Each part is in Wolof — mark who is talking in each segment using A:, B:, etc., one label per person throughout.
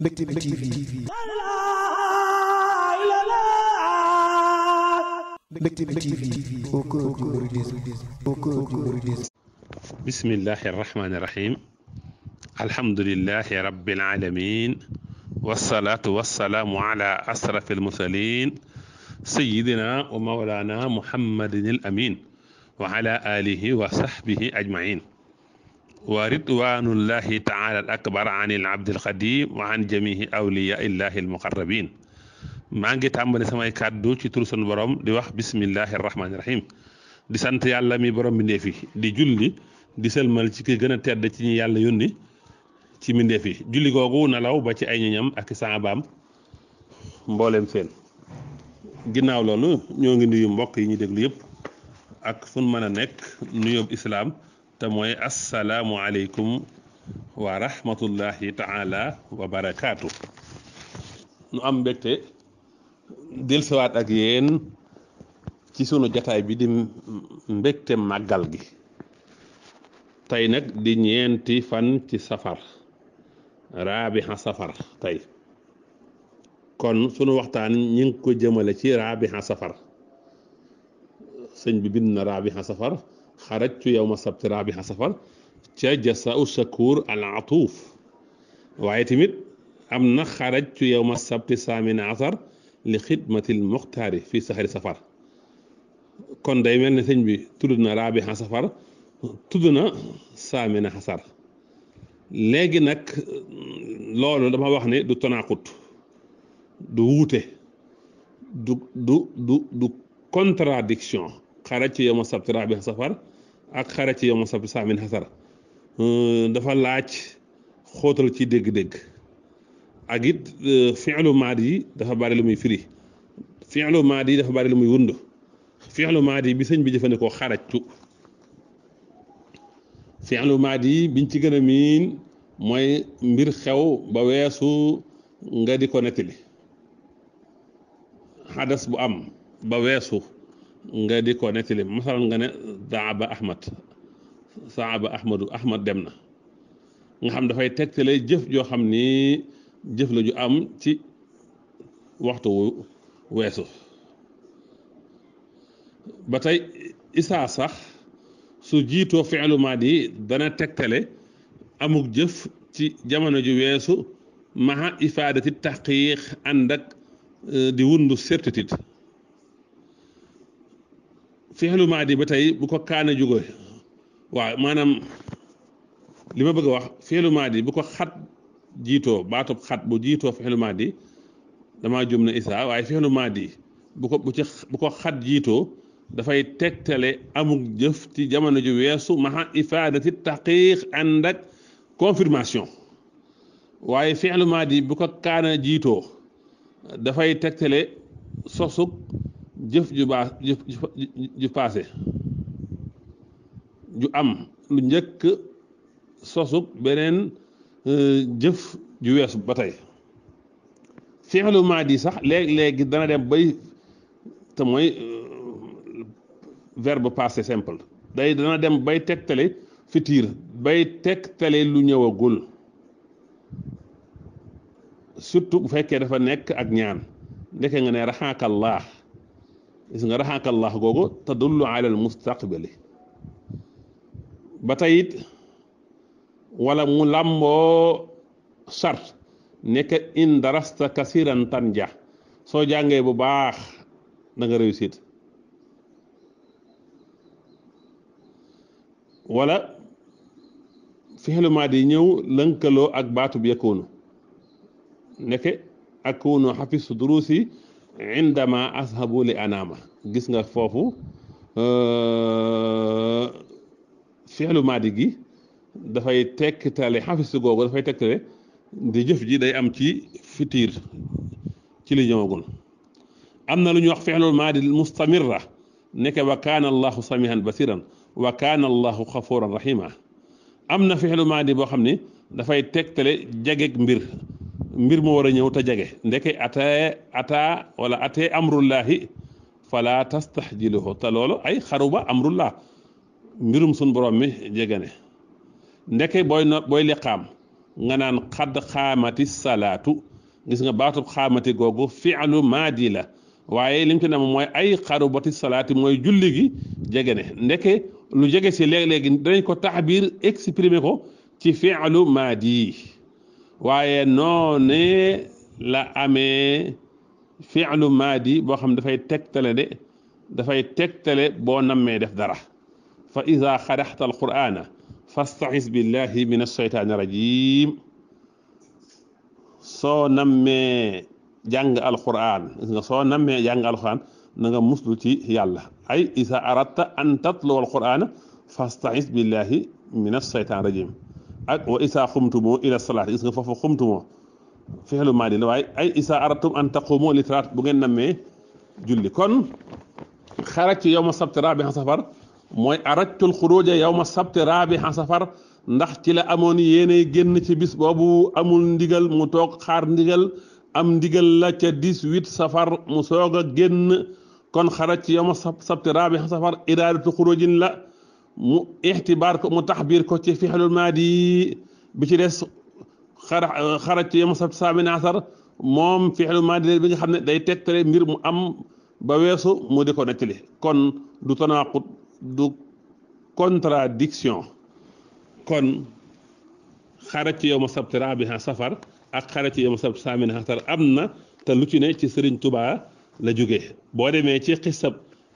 A: بسم الله الرحمن الرحيم الحمد لله رب العالمين والصلاة والسلام على أسرف المرسلين سيدنا ومولانا محمد الأمين وعلى آله وصحبه أجمعين wa ridwanullahi taala al akbar an il abdil xadim wa an jamihi awliya illahi almuqarrabin maa ngi tàmbali samay kàddu ci tur sunu borom di wax bismillahi rahmaani rahim di sant yàlla mi borom mbindéef yi di julli di sëlmal ci ki gën a tedd ci ñi yàlla yónni ci mbindéef yi julli googu na law ba ci ay ñoñam ak saabaam mbooleem seen ginnaaw loolu ñoo ngi nuyu mbokk yi ñu déglu yëpp ak fun mën a nekk nuyoob islaam te mooy asalaamualeykum wa rahmatullahi taala wa barakaatu nu am mbégte dellusiwaat ak yéen ci sunu jataay bi di mbégte màggal gi tey nag di ñeenti fan ci safar raabiha safar tey kon sunu waxtaan ñi ko jëmale ci raabiha safar sëñ bi bind na raabiha safar خرجت يوم السبت رابع سفر تجسا سكور العطوف وعيتمد أمنا خرجت يوم السبت سامين عصر لخدمة المختار في سهر سفر كون دائما نسين بي تدنا رابع سفر تدنا سامين حسر لكن نك لولو دما واخني دو تناقض دو ووتة دو دو دو دو contradiction xaraj yow ma sabti raabin safar ak xaraj yow ma sabti saamin xasar dafa laaj xóotal ci dégg-dégg ak it e, fi'lu maadi yi dafa bari lu muy firi fi'lu maadi yi dafa bari muy wund fi'lu yi bi sëñ bi jëfandikoo xarajtu fi'lu maadi yi biñ ci gën a miin mooy mbir xew ba weesu nga di ko nettali xadas bu am ba weesu nga di ko nettali masalan nga ne zaaba ahmad saaba ahmadu ahmad dem na nga xam dafay tegtale jëf joo xam ni jëf la ju am ci waxtu wu weesu ba tey isaa sax su jiitoo fi'lu maadi dana tegtale amuk jëf ci jamono ju weesu maha ifaadati taqiiq ànd ak euh, di wundu certitude fexlu maadi ba tey bu ko kaana jóge waaw maanaam li ma bëgg a wax fexlu maadi bu ko xat jiitoo baatub xat bu jiitoo fexlu maadi damaa jum na isaa waaye fexlu maadi bu ko bu ci bu ko xat jiitoo dafay tegtale amuk jëf ci jamono ju weesu maxa ifaadati taqiiq ànd ak confirmation waaye fexlu maadi bu ko kaana jiitoo dafay tegtale sosuk jëf ju baa jëf ju paase ju am lu njëkk sosub beneen euh, jëf ju weesu ba tey fi'lu maadi sax léeg-léegi dana dem bay te mooy euh, verbe passé simple day dana dem bay tegtale futur bay tegtale lu ñëwagul surtout bu fekkee dafa nekk ak ñaan ndeke nga ne raxaakallaa gis nga raxaaka allah googu tadullu ala al mustaqbali ba tey it wala mu làmboo chart nekk in darasta kasiran tanja soo jàngee bu baax danga nga réussite wala fixlu maa di ñëw lënkaloo ak baatub yakuunu nekk akunu xafisu duruusi indama ashabu li anama gis nga foofu fi'lu maadi gi dafay tekkitale xafisu googu dafay tekkitale di jëf ji day am ci fitiir ci li ñëwagul am na lu ñuy wax fi'lul maadi mustamirra nekk wa kaana allahu samihan basiran wa kaana allahu xafuran rahima am na fi'lu maadi boo xam ni dafay tekkitale jageeg mbir mbir mu war a ñëw ta jege ndeke atee ataa wala atee amrullahi fala tastahjiluhu te loolu ay xaruba amrullah mbirum sun borom mi jege ne ndeke booy no booy liqaam nga naan xadd xaamati salaatu gis nga baatub xaamati googu fi'lu maadi la waaye lim ci na mooy ay xarubati salaati mooy julli gi jege ne ndeke lu jege si léeg-léegi danañ ko taxbiir exprimer ko ci fi'lu maadi waaye noone la amee fi'lu maadi boo xam dafay tegtale de dafay tegtale boo nammee def dara fa ida xaraxta alqur'ana fastaxis billahi min alsheytaani rajim soo nammee jàng alqur'an gis nga soo nammee jàng alqur'an na nga muslu ci yàlla ay ida aradta an tatluwa alqur'ana fastaxis billahi min alsheytaan rajim ak wa isa xumtumoo ila salaat gis nga foofu xumtumoo fexelu la waaye ay isa aratum an taqumoo li salaat bu ngeen nammee julli kon xarajtu yow ma sabti raabi xan safar mooy arajtul xuruja yow ma sabti raabi xan safar ndax ci la amoon yéenay génn ci bis boobu amul ndigal mu toog xaar ndigal am ndigal la ca 18 safar mu soog génn kon xarajtu yow ma sabti raabi safar idaadatu xurujin la mu ixtibaar ko mu taxbiir ko ci fixlul maadi bi ci des xara xarajtu yom sa saabi naasar moom fixlul maadi bi nga xam ne day tegtale mbir mu am ba weesu mu di ko nettali kon du tanaqut du contradiction kon xarajtu yom sabti raabiha safar ak xarajtu yom sabti saabi naasar am na te lu ci ne ci Sëriñ Tuubaa la jóge boo demee ci xisab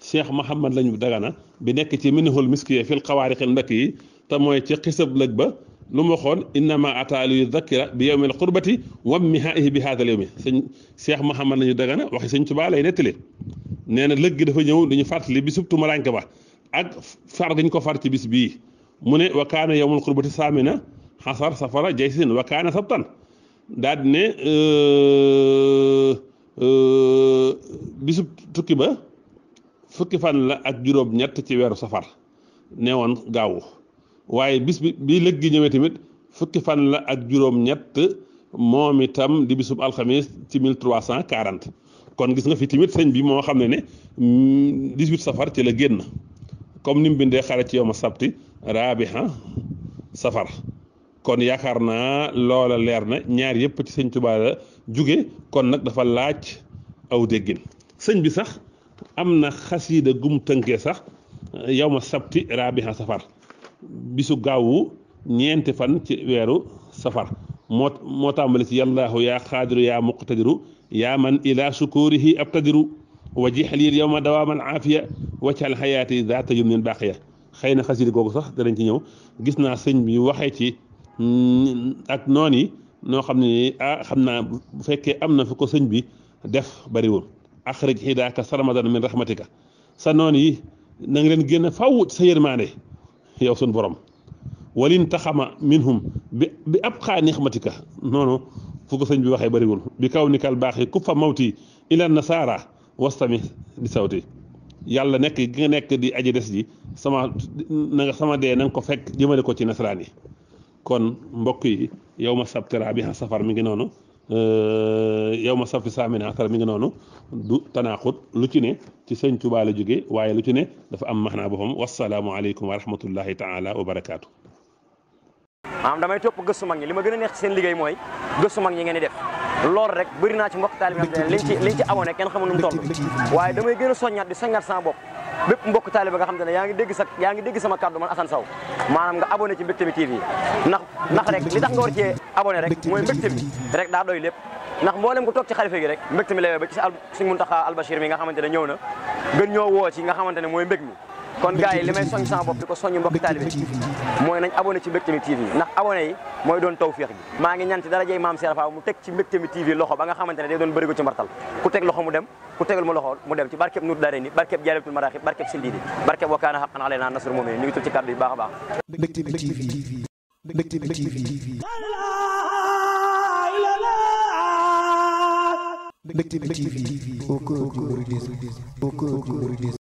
A: cheikh Mouhamed lañu dagana bi nekk ci minihul miskiya fil xawaarixil mbakk yi te mooy ci xisab lëg ba lu ma xoon innama ataalu yu zakira bi yowmi al qurbati wam mihaihi bi haadal yowmi sëñ cheikh Mouhamed lañu dagana waxi sëñ Tuubaa lay nettali nee na lëg gi dafa ñëw dañu fàttali bisub tumuraanke ba ak far gañ ko far ci bis bii mu ne wa kaana yowmul qurbati saamina xasar safara jaysin wa kaana sabtan daal di ne bisub tukki ba fukki fan la ak juróom ñett ci weeru safar ne woon gaawu waaye bis bi bi lëggi ñëwee tamit fukki fan la ak juróom ñett moom itam di bisub alxamis ci 1340 kon gis nga fi tamit sëñ bi moo xam ne ne 18 mm, safar ci la génn comme ni mu bindee xare ci yow ma sabti raabiha safar kon yaakaar naa loola leer na ñaar yëpp ci sëñ Tuubaa jóge kon nag dafa laaj aw déggin sëñ bi sax amna khasida gum tënkee sax yawma sabti rabiha safar bisu gawu ñeenti fan ci wéru safar mo tàmbali ci yallah ya khadir ya muqtadir ya man ila sukurihi abtadir wajih li yawma ma dawaaman aafiya waccal xayaati daata yum nen baaqiya xëy na xasiida googu sax danañ ci ñëw gis na sëñ bi waxe ci ak noni no xamni ah bu fekke amna fi ko sëñ bi def bariwul akhrij hidaka sarmadan min rahmatika sa noon yi na nga leen génn faw sa yërmaande yow sun borom walin taxama minhum bi bi ab xaa nixmatika noonu fu ko sëñ bi waxee bëriwul bi kaw ni kal baax yi ku fa mawti ila nasaara wastami di sawti yàlla nekk gi nga nekk di aji des ji sama na nga sama dee na nga ko fekk jëmale ko ci nasaraan yi kon mbokk yi yow ma sabtira bi safar mi ngi noonu Euh, yow ma safi saamina akara mi ngi noonu du tanaaxut lu ci ne ci sëñ Tuubaa la jóge waaye lu ci ne dafa am maxnaa boppam wasalaamu aleykum wa rahmatullahi taala wa barakaatu. maanaam damay topp gëstu mag ñi li ma gën a neex ci seen liggéey mooy gëstu mag ñi ngeen di def loolu rek bëri naa ci mbokk taalibe liñ ci liñ ci abonné kenn xamul nu mu waaye damay gën a soññaat di soññaat sama bopp bépp mbokk taaliba nga xam te ne yaa ngi dégg yaa ngi dégg sama kàddu man Assane Sow maanaam nga abonné ci Mbectemi TV ndax ndax rek li tax nga war rek mooy Mbectemi rek ci xalifa gi rek Mbectemi lay ba ci sa suñ Muntaxa mi nga xamante ne ñëw na gën ñoo woo ci nga xamante ne mooy mbég mi kon gars yi li may soñ sama bopp di ko soñu mbokk taalibe mooy nañ abonné ci Mbectemi TV ndax abonné mooy doon tawfeex gi maa ngi ñaan ci darajey maam Serapha mu teg ci Mbectemi TV loxo ba nga xamante ne day doon bërigo ci mbartal ku teg loxo mu ku tegal ma loxo mu dem ci barkeb Nuuru Daarayni barkeb Jaalibatul Maraaxib barkeb Sindiidi barkeb wa kaana haqqan alaynaa nasrul mu'miniin ñu ngi tudd ci kàddu yi baax a baax. Ndëgtime TV Ndëgtime TV. Ndëgtime TV. au cœur du mouridisme au cœur du mouridisme